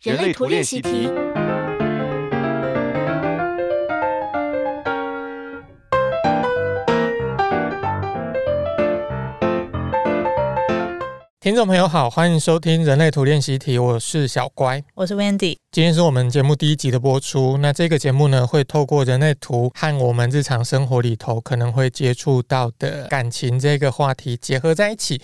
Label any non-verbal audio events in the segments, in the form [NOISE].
人類圖戀習題。聽眾朋友好，歡迎收聽《人類圖戀習題》，我是小乖，我是 Wendy。今天是我們節目第一集的播出。那這個節目呢，會透過人類圖和我們日常生活裡頭可能會接觸到的感情這個話題結合在一起。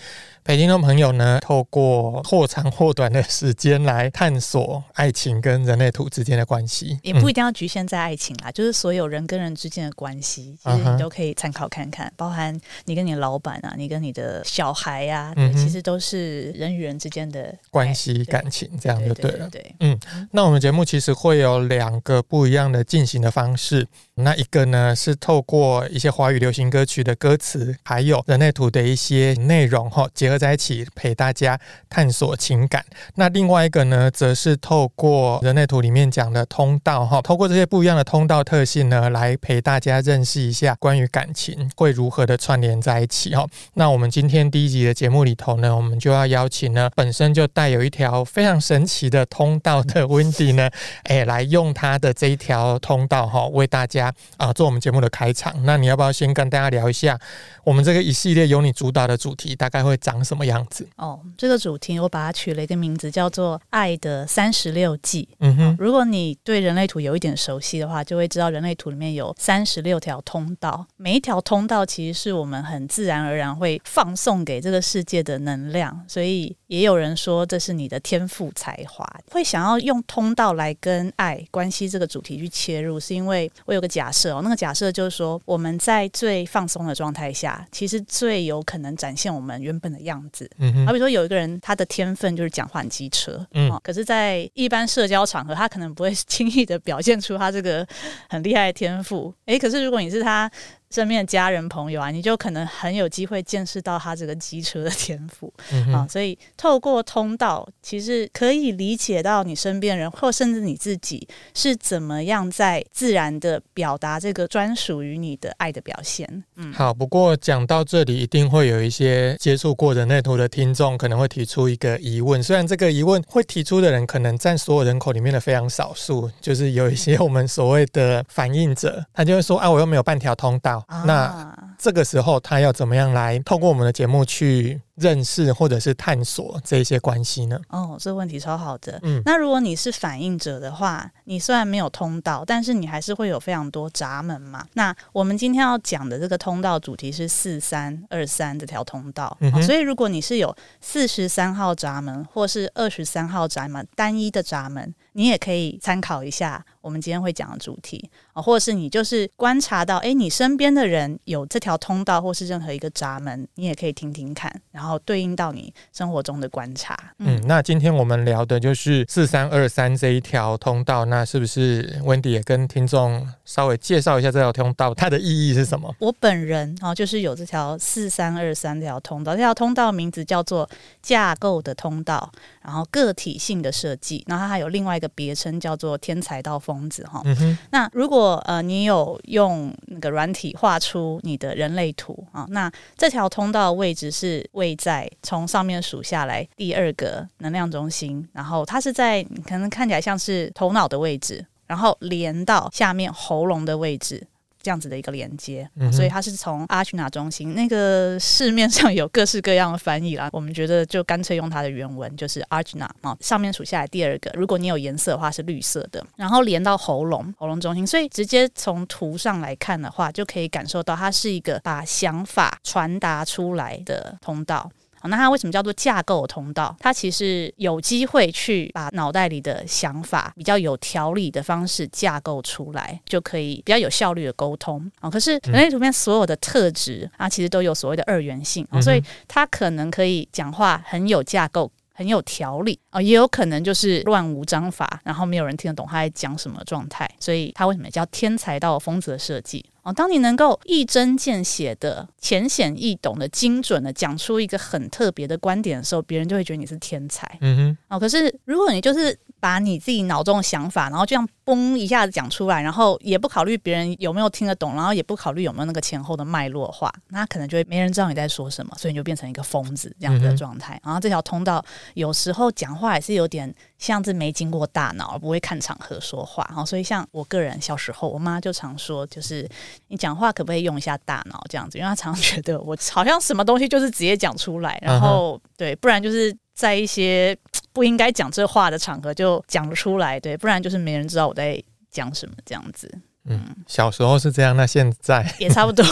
北京的朋友呢，透過或長或短的時間來探索愛情跟人類圖之間的關係，也不一定要局限在愛情啦，就是所有人跟人之間的關係，其實你都可以參考看看，嗯、包含你跟你老闆啊，你跟你的小孩呀，啊嗯，其實都是人與人之間的關係感情，這樣就對了。對、對、對、對、對，嗯。那我們節目其實會有兩個不一樣的進行的方式，那一個呢，是透過一些華語流行歌曲的歌詞，還有人類圖的一些內容哈，結合在一起陪大家探索情感。那另外一個呢，則是透過人類圖裡面講的通道哈，透過這些不一樣的通道特性呢，來陪大家認識一下關於感情會如何的串聯在一起哈。那我們今天第一集的節目裡頭呢，我們就要邀請呢，本身就帶有一條非常神奇的通道的，溫迪呢？哎、欸，來用他的這一條通道，哈，為大家啊、呃、做我們節目的開場。那你要不要先跟大家聊一下，我們這個一系列由你主導的主題大概會長什麼樣子？哦，這個主題我把它取了一個名字，叫做“愛的三十六記”。嗯哼，如果你對人類圖有一點熟悉的話，就會知道人類圖裡面有三十六條通道，每一條通道其實是我們很自然而然會放送給這個世界的能量，所以。也有人說這是你的天賦才華，會想要用通道來跟愛關係這個主題去切入，是因為我有個假設哦。那個假設就是說，我們在最放鬆的狀態下，其實最有可能展現我們原本的樣子。好、嗯、比如說，有一個人他的天分就是講話機車，嗯、哦，可是在一般社交場合，他可能不會輕易的表現出他這個很厲害的天賦。誒，可是如果你是他。身邊的家人朋友啊，你就可能很有機會見識到他這個機車的天賦、嗯、啊。所以透過通道，其實可以理解到你身邊人或甚至你自己是怎麼樣在自然的表達這個專屬於你的愛的表現。嗯，好。不過講到這裡，一定會有一些接觸過人類圖的聽眾可能會提出一個疑問。雖然這個疑問會提出的人可能佔所有人口裡面的非常少數，就是有一些我們所謂的反應者，他就會說：“啊，我又沒有半條通道。”啊，那這個時候，他要怎麼樣來透過我們的節目去認識或者是探索這一些關係呢？哦，這個問題超好的。嗯，那如果你是反應者的話，你雖然沒有通道，但是你還是會有非常多閘門嘛。那我們今天要講的這個通道主題是四三二三這條通道。嗯哼，哦，所以如果你是有四十三號閘門或是二十三號閘門、單一的閘門，你也可以參考一下。我們今天會講的主題啊，或是你就是觀察到，哎，你身邊的人有這條通道，或是任何一個閘門，你也可以聽聽看，然後對應到你生活中的觀察。嗯，那今天我們聊的就是四三二三這一條通道，那是不是溫迪也跟聽眾稍微介紹一下這條通道，它的意義是什麼？我本人啊，就是有這條四三二三這條通道，這條通道名字叫做架構的通道，然後個體性的設計，然後它還有另外一個別稱叫做天才到瘋孔子哈，那如果呃你有用那個軟體畫出你的人類圖啊，那這條通道位置是位在從上面數下來第二個能量中心，然後它是在你可能看起來像是頭腦的位置，然後連到下面喉嚨的位置。這樣子的一個連接，嗯，啊，所以它是從阿奇納中心，那個市面上有各式各樣的翻譯啦，我們覺得就乾脆用它的原文，就是阿奇納啊，上面數下來第二個，如果你有顏色的話是綠色的，然後連到喉嚨，喉嚨中心，所以直接從圖上來看的話，就可以感受到它是一個把想法傳達出來的通道。那他為什麼叫做架構通道？他其實有機會去把腦袋裡的想法比較有條理的方式架構出來，就可以比較有效率的溝通啊。可是人類圖片所有的特質啊，其實都有所謂的二元性，所以他可能可以講話很有架構、很有條理，也有可能就是亂無章法，然後沒有人聽得懂他在講什麼狀態。所以他為什麼叫天才到瘋子的設計？哦，當你能夠一針見血的、淺顯易懂的、精準的講出一個很特別的觀點的時候，別人就會覺得你是天才。嗯哼，哦，可是如果你就是。把你自己腦中的想法，然後就這樣嘣一下子講出來，然後也不考慮別人有沒有聽得懂，然後也不考慮有沒有那個前後的脈絡化，那可能就會沒人知道你在說什麼，所以你就變成一個瘋子這樣子的狀態、嗯。然後這條通道有時候講話也是有點像是沒經過大腦，不會看場合說話。然後所以像我個人小時候，我媽就常說，就是你講話可不可以用一下大腦這樣子，因為她常常覺得我好像什麼東西就是直接講出來，然後、啊、對，不然就是在一些。不應該講這話的場合就講出來，對，不然就是沒人知道我在講什麼這樣子、嗯。嗯，小時候是這樣，那現在也差不多。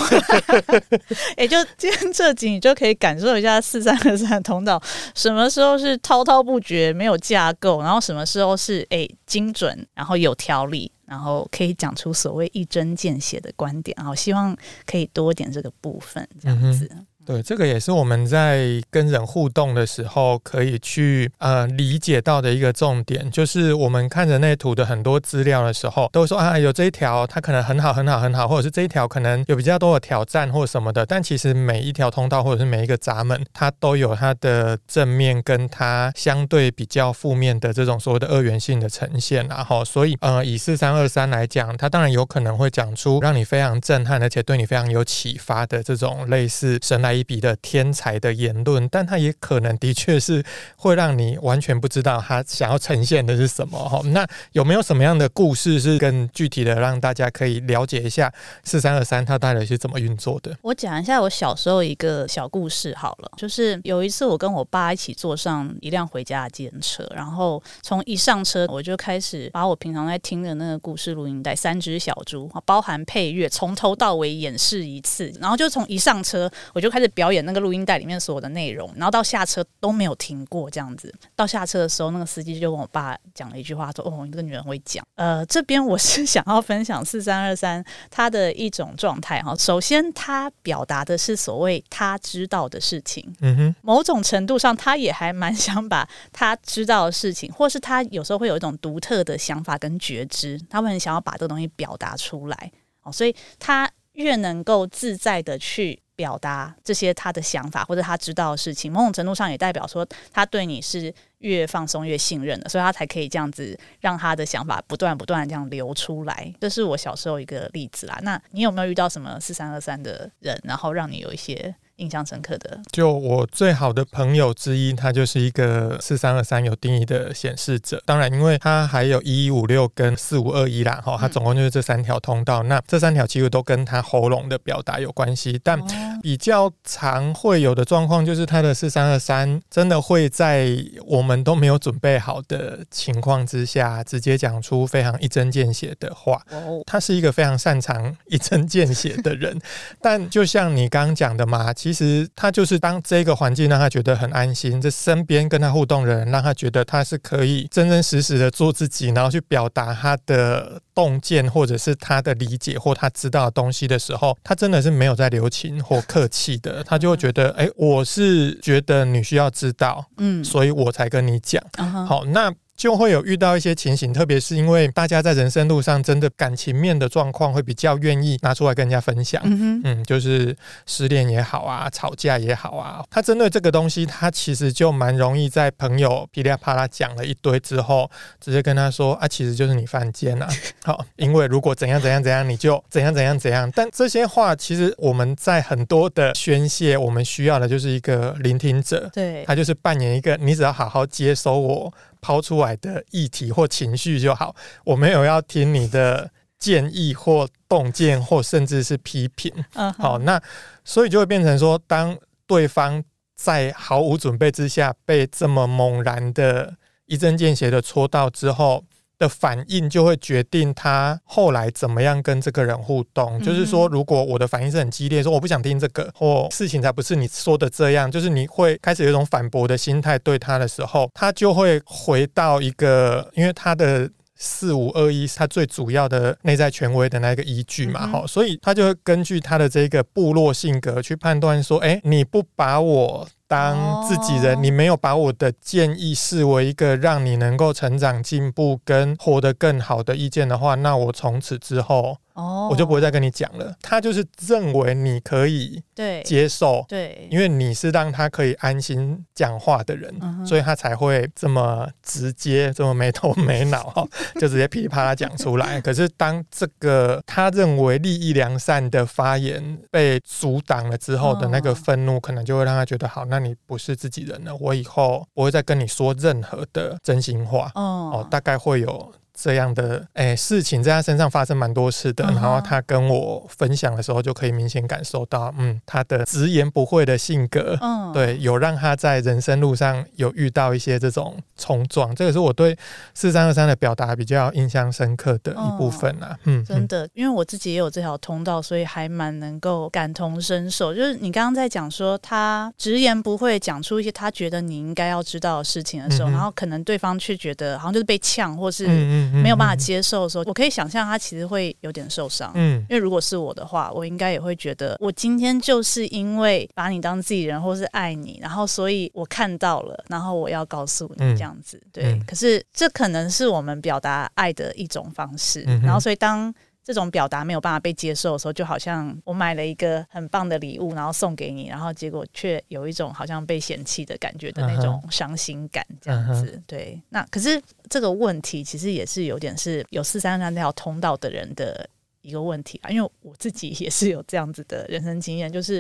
[LAUGHS] 哎、 [LAUGHS] 欸，就今天這集，你就可以感受一下四三二三的通道什麼時候是滔滔不絕，沒有架構，然後什麼時候是誒、欸、精準，然後有條理，然後可以講出所謂一針見血的觀點，然後希望可以多一點這個部分這樣子。嗯對，這個也是我們在跟人互動的時候可以去呃理解到的一個重點，就是我們看人類圖的很多資料的時候，都說啊有這一條它可能很好很好很好，或者是這一條可能有比較多的挑戰或什麼的，但其實每一條通道或者是每一個閘門，它都有它的正面跟它相對比較負面的這種所謂的二元性的呈現。啊，然後所以呃以四三二三來講，它當然有可能會講出讓你非常震撼，而且對你非常有啟發的這種類似神來一筆的天才的言論，但他也可能的確是會讓你完全不知道他想要呈現的是什麼哈。那有沒有什麼樣的故事是更具體的，讓大家可以了解一下四三二三他到底是怎麼運作的？我講一下我小時候一個小故事好了，就是有一次我跟我爸一起坐上一輛回家的電車，然後從一上車我就開始把我平常在聽的那個故事錄音帶《三隻小豬》啊，包含配樂，從頭到尾演示一次，然後就從一上車我就開。是表演那個錄音帶裡面所有的內容，然後到下車都沒有停過這樣子。到下車的時候，那個司機就跟我爸講了一句話，說：“哦，你這個女人會講。”呃，這邊我是想要分享四三二三他的一種狀態哈。首先，他表達的是所謂他知道的事情。嗯哼，某種程度上，他也還蠻想把他知道的事情，或是他有時候會有一種獨特的想法跟覺知，他會很想要把這個東西表達出來。哦，所以他。越能夠自在的去表達這些他的想法，或者他知道的事情，某種程度上也代表說他對你是越放鬆越信任的，所以他才可以這樣子讓他的想法不斷不斷這樣流出來。這是我小時候一個例子啦。那你有沒有遇到什麼四三二三的人，然後讓你有一些？印象深刻的，就我最好的朋友之一，他就是一個四三二三有定義的顯示者。當然，因為他還有一一五六跟四五二一啦，哈，他總共就是這三條通道。那這三條其實都跟他喉嚨的表達有關係，但、哦。比較常會有的狀況就是，他的四三二三真的會在我們都沒有準備好的情況之下，直接講出非常一針見血的話。他是一個非常擅長一針見血的人，但就像你剛剛講的嘛，其實他就是當這個環境讓他覺得很安心，在身邊跟他互動的人，讓他覺得他是可以真真實實的做自己，然後去表達他的。洞見，或者是他的理解，或他知道的東西的時候，他真的是沒有在留情或客氣的，他就會覺得，哎、欸，我是覺得你需要知道，嗯，所以我才跟你講。Uh-huh. 好，那。就會有遇到一些情形，特別是因為大家在人生路上，真的感情面的狀況會比較願意拿出來跟人家分享。嗯哼嗯，就是失戀也好啊，吵架也好啊，他針對這個東西，他其實就蠻容易在朋友噼里啪啦講了一堆之後，直接跟他說啊，其實就是你犯賤了啊。 [LAUGHS] 好，因為如果怎樣怎樣怎樣，你就怎樣怎樣怎樣。但這些話其實我們在很多的宣洩，我們需要的就是一個聆聽者，對他就是扮演一個，你只要好好接收我。拋出來的議題或情緒就好，我沒有要聽你的建議或洞見或甚至是批評。嗯，uh-huh，好，那所以就會變成說，當對方在毫無準備之下被這麼猛然的一針見血的戳到之後。的反應就會決定他後來怎麼樣跟這個人互動。就是說，如果我的反應是很激烈，說我不想聽這個，或事情才不是你說的這樣，就是你會開始有一種反駁的心態對他的時候，他就會回到一個，因為他的四五二一是他最主要的內在權威的那個依據嘛，哈，所以他就會根據他的這個部落性格去判斷說，欸，你不把我。當自己人，oh. 你沒有把我的建議視為一個讓你能夠成長、進步跟活得更好的意見的話，那我從此之後。我就不會再跟你講了。他就是認為你可以接受，對，因為你是讓他可以安心講話的人，所以他才會這麼直接，這麼沒頭沒腦，就直接噼里啪啦講出來。可是當這個他認為利益良善的發言被阻擋了之後的那個憤怒，可能就會讓他覺得，好，那你不是自己人了，我以後不會再跟你說任何的真心話。哦，大概會有。這樣的誒，事情在他身上發生蠻多次的，嗯啊、然後他跟我分享的時候，就可以明顯感受到，嗯，他的直言不諱的性格，嗯，對，有讓他在人生路上有遇到一些這種衝撞，這個是我對四三二三的表達比較印象深刻的一部分啊，嗯，嗯，真的，因為我自己也有這條通道，所以還蠻能夠感同身受。就是你剛剛在講說，他直言不諱講出一些他覺得你應該要知道的事情的時候，嗯嗯，然後可能對方卻覺得好像就是被嗆，或是、嗯。沒有辦法接受的時候，我可以想象他其實會有點受傷。嗯，因為如果是我的話，我應該也會覺得，我今天就是因為把你當自己人，或是愛你，然後所以我看到了，然後我要告訴你，嗯，這樣子。對。嗯，可是這可能是我們表達愛的一種方式。嗯，然後，所以當。這種表達沒有辦法被接受的時候，就好像我買了一個很棒的禮物，然後送給你，然後結果卻有一種好像被嫌棄的感覺的那種傷心感，這樣子。Uh -huh. Uh -huh. 對，那可是這個問題其實也是有點是有四三二三那條通道的人的一個問題啊，因為我自己也是有這樣子的人生經驗，就是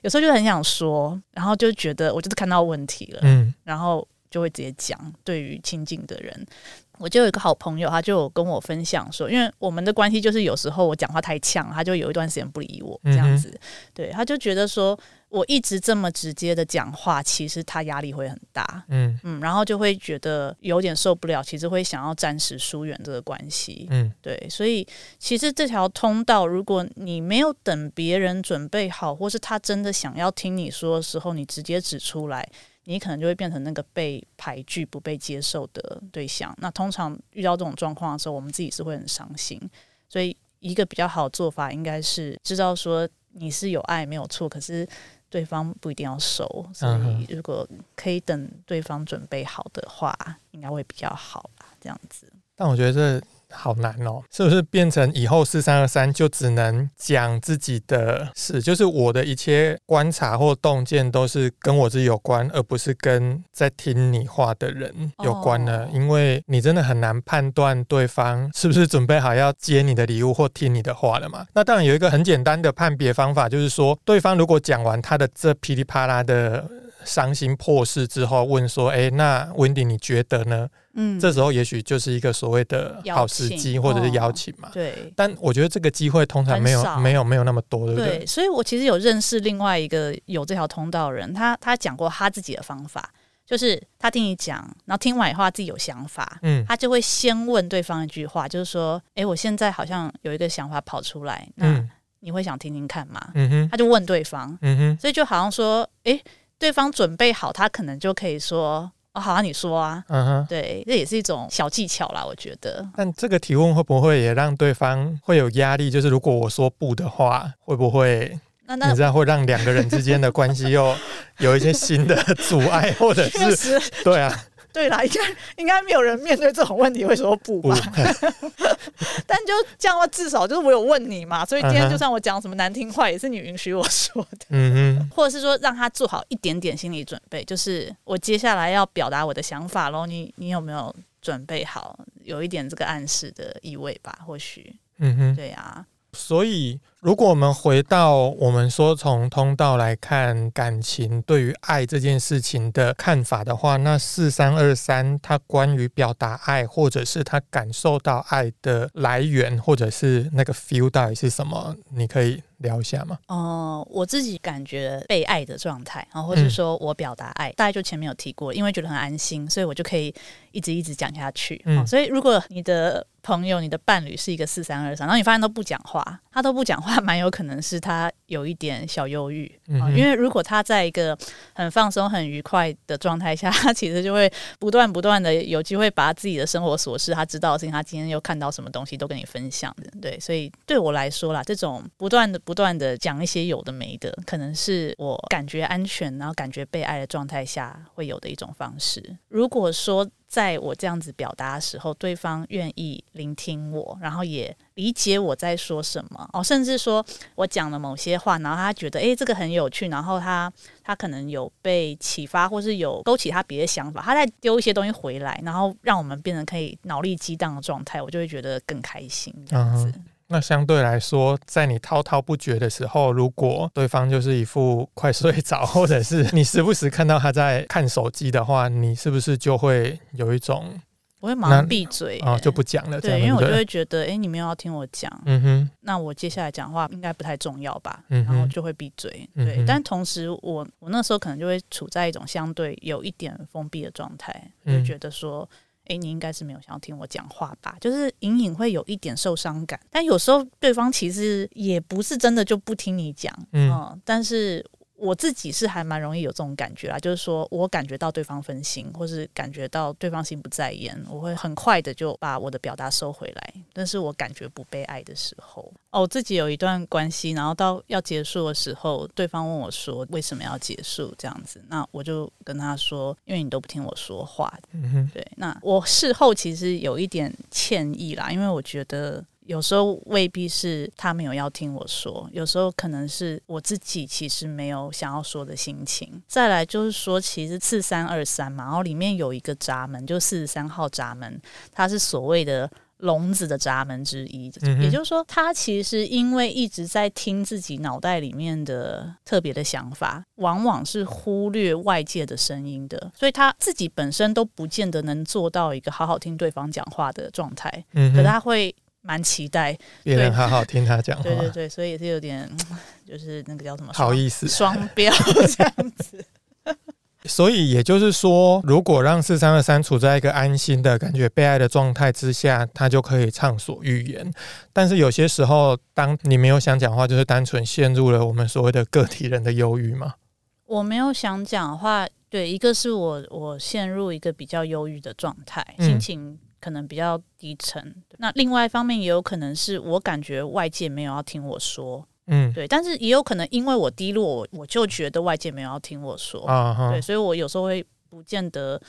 有時候就很想說，然後就覺得我就是看到問題了，uh -huh. 然後就會直接講對於親近的人。我就有一個好朋友，他就有跟我分享說，因為我們的關係就是有時候我講話太嗆，他就有一段時間不理我這樣子，嗯。對，他就覺得說我一直這麼直接的講話，其實他壓力會很大。嗯嗯，然後就會覺得有點受不了，其實會想要暫時疏遠這個關係。嗯，對，所以其實這條通道，如果你沒有等別人準備好，或是他真的想要聽你說的時候，你直接指出來。你可能就會變成那個被排拒，不被接受的對象。那通常遇到這種狀況的時候，我們自己是會很傷心。所以，一個比較好的做法應該是知道說你是有愛沒有錯，可是對方不一定要收。所以，如果可以等對方準備好的話，應該會比較好吧。這樣子。嗯嗯。但我覺得這。好難哦，是不是變成以後四三二三就只能講自己的事？就是我的一切觀察或洞見都是跟我自己有關，而不是跟在聽你話的人有關呢。Oh。因為你真的很難判斷對方是不是準備好要接你的禮物或聽你的話了嘛？那當然有一個很簡單的判別方法，就是說對方如果講完他的這噼裡啪啦的。傷心破事之後，問說：“欸，那 Wendy，你覺得呢？”嗯，這時候也許就是一個所謂的好時機，或者是邀請嘛。哦，對。但我覺得這個機會通常沒有沒有沒有那麼多，對不對？對。所以我其實有認識另外一個有這條通道的人，他他講過他自己的方法，就是他聽你講，然後聽完以後他自己有想法，嗯，他就會先問對方一句話，就是說：“欸，我現在好像有一個想法跑出來，那你會想聽聽看嗎？”嗯哼，他就問對方，嗯哼，所以就好像說：“欸。”對方準備好，他可能就可以說：“哦，好啊，你說啊。”嗯哼，對，這也是一種小技巧啦，我覺得。但這個提問會不會也讓對方會有壓力？就是如果我說不的話，會不會？那那你知道會讓兩個人之間的關係又 [LAUGHS] 有，有一些新的阻礙， [LAUGHS] 或者是，對啊。 [LAUGHS] 對啦，應該應該沒有人面對這種問題會說不吧？不 [LAUGHS] [LAUGHS] 但就這樣的話，至少就是我有問你嘛，所以今天就算我講什麼難聽話，也是你允許我說的。嗯嗯，或者是說讓他做好一點點心理準備，就是我接下來要表達我的想法嘍。你你有沒有準備好？有一點這個暗示的意味吧？或許，嗯哼，對啊。所以。如果我們回到我們說從通道來看感情對於愛這件事情的看法的話，那四三二三他關於表達愛或者是他感受到愛的來源，或者是那個 feel 到底是什麼，你可以聊一下嗎？哦、呃，我自己感覺被愛的狀態，啊，或者說我表達愛，嗯、大概就前面有提過，因為覺得很安心，所以我就可以一直一直講下去。嗯、嗯，所以如果你的朋友、你的伴侶是一個四三二三，然後你發現都不講話，他都不講話。他蠻有可能是他有一點小憂鬱、嗯、因為如果他在一個很放鬆、很愉快的狀態下，他其實就會不斷不斷的有機會，把自己的生活瑣事、他知道的事情，他今天又看到什麼東西，都跟你分享的。對，所以對我來說啦，這種不斷的、不斷的講一些有的沒的，可能是我感覺安全，然後感覺被愛的狀態下會有的一種方式。如果說，在我這樣子表達的時候，對方願意聆聽我，然後也理解我在說什麼哦，甚至說我講了某些話，然後他覺得哎、欸，這個很有趣，然後他他可能有被啟發，或是有勾起他別的想法，他再丟一些東西回來，然後讓我們變成可以腦力激盪的狀態，我就會覺得更開心這樣子。Uh-huh. 那相對來說，在你滔滔不絕的時候，如果對方就是一副快睡着，或者是你時不時看到他在看手機的話，你是不是就會有一種我會馬上閉嘴，啊、哦，就不講了？對這樣，因為我就會覺得，哎，你沒有要聽我講，嗯哼，那我接下來講話應該不太重要吧？嗯、然後就會閉嘴。對，嗯、但同時我，我我那時候可能就會處在一種相對有一點封閉的狀態，就覺得說。嗯哎，欸，你應該是沒有想要聽我講話吧？就是隱隱會有一點受傷感，但有時候對方其實也不是真的就不聽你講，嗯，嗯，但是。我自己是還蠻容易有這種感覺啦，就是說我感覺到對方分心，或是感覺到對方心不在焉，我會很快的就把我的表達收回來。但是我感覺不被愛的時候，哦，我自己有一段關係，然後到要結束的時候，對方問我說為什麼要結束這樣子，那我就跟他說，因為你都不聽我說話。嗯哼，對，那我事後其實有一點歉意啦，因為我覺得。有時候未必是他沒有要聽我說，有時候可能是我自己其實沒有想要說的心情。再來就是說，其實四三二三嘛，然後裡面有一個閘門，就四十三號閘門，它是所謂的聾子的閘門之一。也就是說，他其實因為一直在聽自己腦袋裡面的特別的想法，往往是忽略外界的聲音的，所以他自己本身都不見得能做到一個好好聽對方講話的狀態。嗯，可他會。蠻期待別人好好聽他講話，對對對，所以也是有點，就是那個叫什麼，好意思，雙標這樣子。 [LAUGHS] 所以也就是說，如果讓四三二三處在一個安心的感覺、被愛的狀態之下，他就可以暢所欲言。但是有些時候，當你沒有想講話，就是單純陷入了我們所謂的個體人的憂鬱嘛。我沒有想講話，對，一個是我我陷入一個比較憂鬱的狀態、嗯，心情。可能比較低沉，那另外一方面也有可能是我感覺外界沒有要聽我說，嗯，對，但是也有可能因為我低落，我，我就覺得外界沒有要聽我說，嗯，對，所以我有時候會不見得，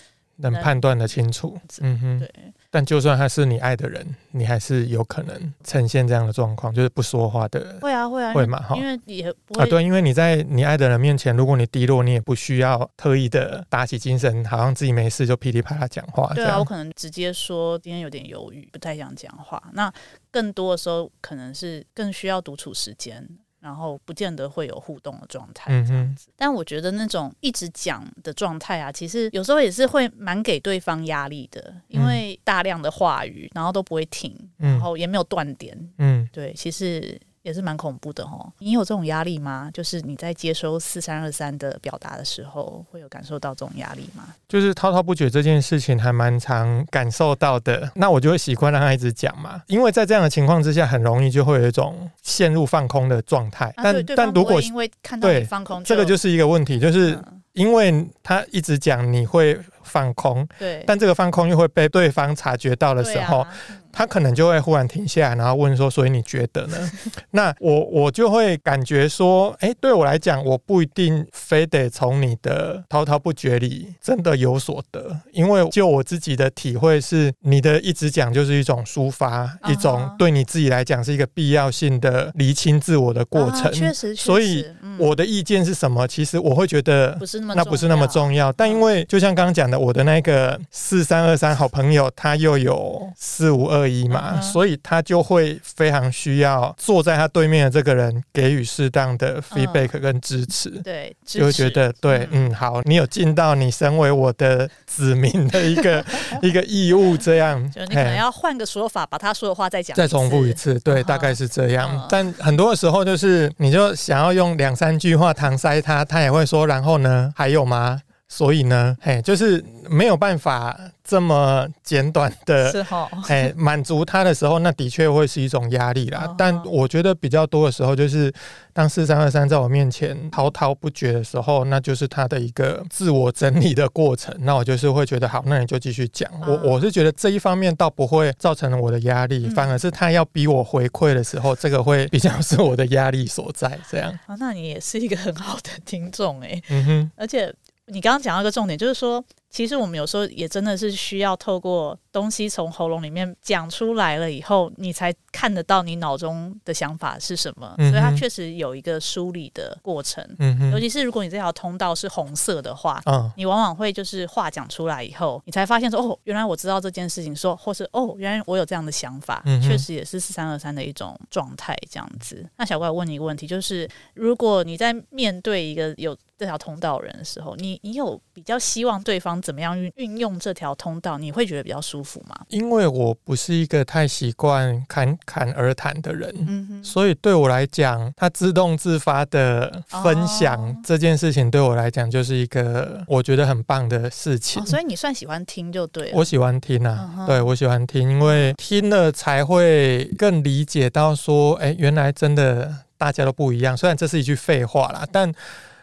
能判斷的清楚，嗯哼，對。但就算他是你愛的人，你還是有可能呈現這樣的狀況，就是不說話的。會啊，會啊，會嘛，哈。因為也不會啊，對，因為你在你愛的人面前，如果你低落，你也不需要特意的打起精神，好像自己沒事就噼裡啪啦講話。對啊，我可能直接說今天有點憂鬱，不太想講話。那更多的時候，可能是更需要獨處時間。然後不見得會有互動的狀態這樣子。嗯，但我覺得那種一直講的狀態啊，其實有時候也是會蠻給對方壓力的，因為大量的話語，然後都不會停，然後也沒有斷點。嗯，對，其實。也是蠻恐怖的哦。你有這種壓力嗎？就是你在接收四三二三的表達的時候，會有感受到這種壓力嗎？就是滔滔不絕這件事情還蠻常感受到的，那我就會習慣讓他一直講嘛，因為在這樣的情況之下，很容易就會有一種陷入放空的狀態、啊。但、啊、但如果因為看到你放空，這個就是一個問題，就是因為他一直講，你會放空、嗯。對，但這個放空又會被對方察覺到的時候。他可能就會忽然停下來，然後問說：“所以你覺得呢？” [LAUGHS] 那我我就會感覺說：“哎，對我來講，我不一定非得從你的滔滔不絕裡真的有所得，因為就我自己的體會是，你的一直講就是一種抒發，Uh-huh. 一種對你自己來講是一個必要性的釐清自我的過程。Uh-huh, 確實，確實，所以我的意見是什麼？嗯，其實我會覺得那不那不是那麼重要。但因為就像剛剛講的，我的那個四三二三好朋友，他又有四五二。嘛、嗯，所以他就會非常需要坐在他對面的這個人給予適當的 feedback、嗯、跟支持，對，支持，就會覺得對，嗯，好，你有盡到你身為我的子民的一個 [LAUGHS] 一個義務，這樣 [LAUGHS] okay, okay, 就你可能要換個說法把他說的話再講，再重複一次，對，大概是這樣。嗯、但很多的時候就是你就想要用兩三句話搪塞他，他也會說，然後呢，還有嗎？所以呢，嘿，就是沒有辦法這麼簡短的，是哦，嘿，滿足他的時候，那的確會是一種壓力啦。哦，但我覺得比較多的時候，就是當四三二三在我面前滔滔不絕的時候，那就是他的一個自我整理的過程。那我就是會覺得，好，那你就繼續講。我我是覺得這一方面倒不會造成了我的壓力，反而是他要逼我回饋的時候，這個會比較是我的壓力所在。這樣啊，哦，那你也是一個很好的聽眾，哎，嗯哼，而且。你剛剛講到一個重點，就是說，其實我們有時候也真的是需要透過東西從喉嚨裡面講出來了以後，你才看得到你腦中的想法是什麼？嗯、所以它確實有一個梳理的過程。嗯、尤其是如果你這條通道是紅色的話，嗯、你往往會就是話講出來以後，你才發現說，哦，原來我知道這件事情，說或是哦，原來我有這樣的想法，確實也是四三二三的一種狀態這樣子。嗯、那小乖我問你一個問題，就是如果你在面對一個有這條通道的人的時候，你你有比較希望對方怎麼樣運運用這條通道？你會覺得比較舒服嗎？因為我不是一個太習慣侃侃而談的人，嗯哼，所以對我來講，他自動自發的分享這件事情，對我來講就是一個我覺得很棒的事情。哦，所以你算喜歡聽就對了，我喜歡聽啊，嗯，對，我喜歡聽，因為聽了才會更理解到說，哎，原來真的大家都不一樣。雖然這是一句廢話啦，但。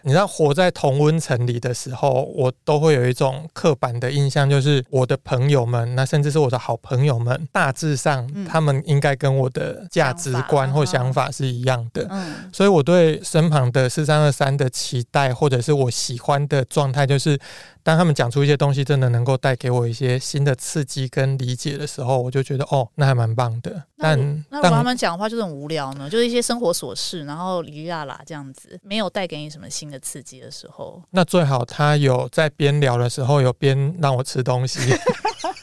你知道活在同溫層裡的時候，我都會有一種刻板的印象，就是我的朋友們，那甚至是我的好朋友們，大致上、嗯、他們應該跟我的價值觀或想法是一樣的。嗯嗯、所以我對身旁的四三二三的期待，或者是我喜歡的狀態，就是當他們講出一些東西，真的能夠帶給我一些新的刺激跟理解的時候，我就覺得哦，那還蠻棒的。那但那如果他們講的話就是很無聊呢？就是一些生活瑣事，然後啦啦、啊、啦這樣子，沒有帶給你什麼新的刺激的時候，那最好他有在邊聊的時候有邊讓我吃東西， [LAUGHS] [LAUGHS]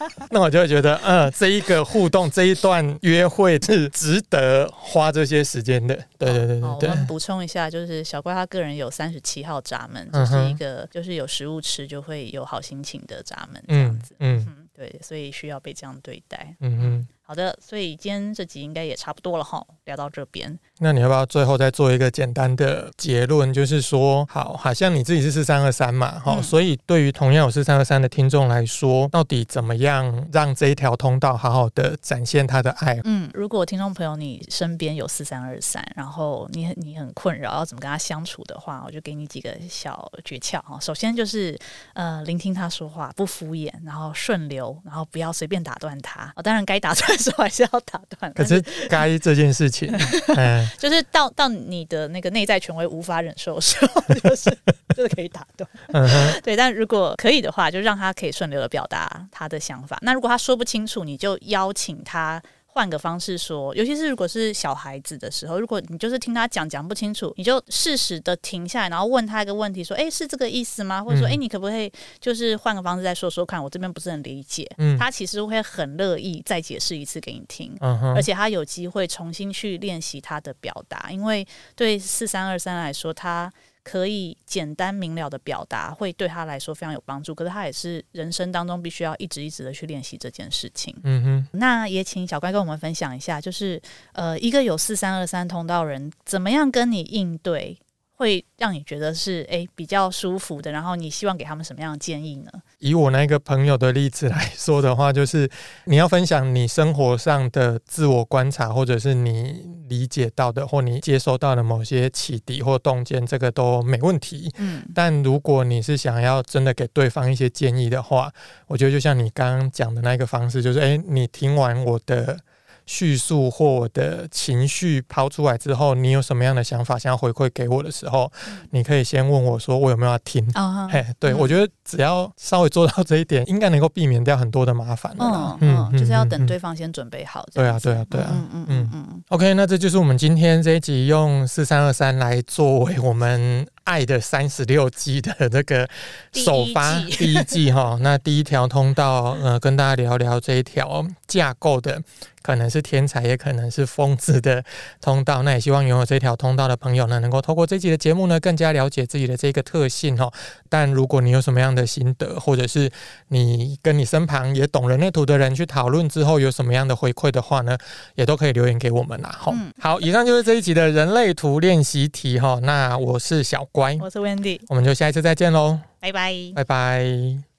[LAUGHS] 那我就會覺得，嗯、呃，這一個互動， [LAUGHS] 這一段約會是值得花這些時間的。對對對對，對我們補充一下，就是小乖他個人有三十七號閘門、嗯，就是一個就是有食物吃就會有好心情的閘門，這樣子，嗯嗯，嗯，對，所以需要被這樣對待，嗯嗯。好的，所以今天這集應該也差不多了哈，聊到這邊。那你要不要最後再做一個簡單的結論？就是說，好，好像你自己是四三二三嘛，哈、嗯，所以對於同樣有四三二三的聽眾來說，到底怎麼樣讓這一條通道好好的展現他的愛？嗯，如果聽眾朋友你身邊有四三二三，然後你你很困擾要怎麼跟他相處的話，我就給你幾個小訣竅哈。首先就是呃，聆聽他說話，不敷衍，然後順流，然後不要隨便打斷他，哦。當然該打斷。我 [LAUGHS] 還是要打斷，可是該這件事情， [LAUGHS] 哎，就是到到你的那個內在權威無法忍受的時候，就是就是，可以打斷， [LAUGHS] 嗯。對，但如果可以的話，就讓他可以順流的表達他的想法。那如果他說不清楚，你就邀請他。換個方式說，尤其是如果是小孩子的時候，如果你就是聽他講講不清楚，你就適時的停下來，然後問他一個問題，說：“誒、欸，是這個意思嗎？”或者說：“誒、欸，你可不可以就是換個方式再說說看？我這邊不是很理解。嗯”他其實會很樂意再解釋一次給你聽，嗯、而且他有機會重新去練習他的表達，因為對四三二三來說，他。可以簡單明了的表達，會對他來說非常有幫助。可是他也是人生當中必須要一直一直的去練習這件事情。嗯哼，那也請小乖跟我們分享一下，就是呃，一個有四三二三通道人，怎麼樣跟你應對？會讓你覺得是誒、欸、比較舒服的，然後你希望給他們什麼樣的建議呢？以我那個朋友的例子來說的話，就是你要分享你生活上的自我觀察，或者是你理解到的或你接收到的某些啟迪或洞見，這個都沒問題。嗯，但如果你是想要真的給對方一些建議的話，我覺得就像你剛剛講的那個方式，就是誒、欸，你聽完我的敘述或我的情緒拋出來之後，你有什麼樣的想法想要回饋給我的時候，你可以先問我說我有沒有要聽？哎、uh -huh.，對、嗯，我覺得只要稍微做到這一點，應該能夠避免掉很多的麻煩 oh, oh, 嗯，就是要等對方先準備好。對、嗯、啊、嗯嗯，對啊，對啊。嗯啊嗯、啊、嗯，嗯。OK，那這就是我們今天這一集用四三二三來作為我們愛的三十六記的這個首發第一記哈。 [LAUGHS] 那第一條通道，呃，跟大家聊聊這一條架構的。可能是天才，也可能是瘋子的通道。那也希望擁有這條通道的朋友呢，能夠透過這集的節目呢，更加了解自己的這個特性哦、喔。但如果你有什麼樣的心得，或者是你跟你身旁也懂人類圖的人去討論之後有什麼樣的回饋的話呢，也都可以留言給我們啦。好、嗯，好，以上就是這一集的人類圖戀習題哈。那我是小乖，我是 Wendy，我們就下一次再見嘍，拜拜，拜拜。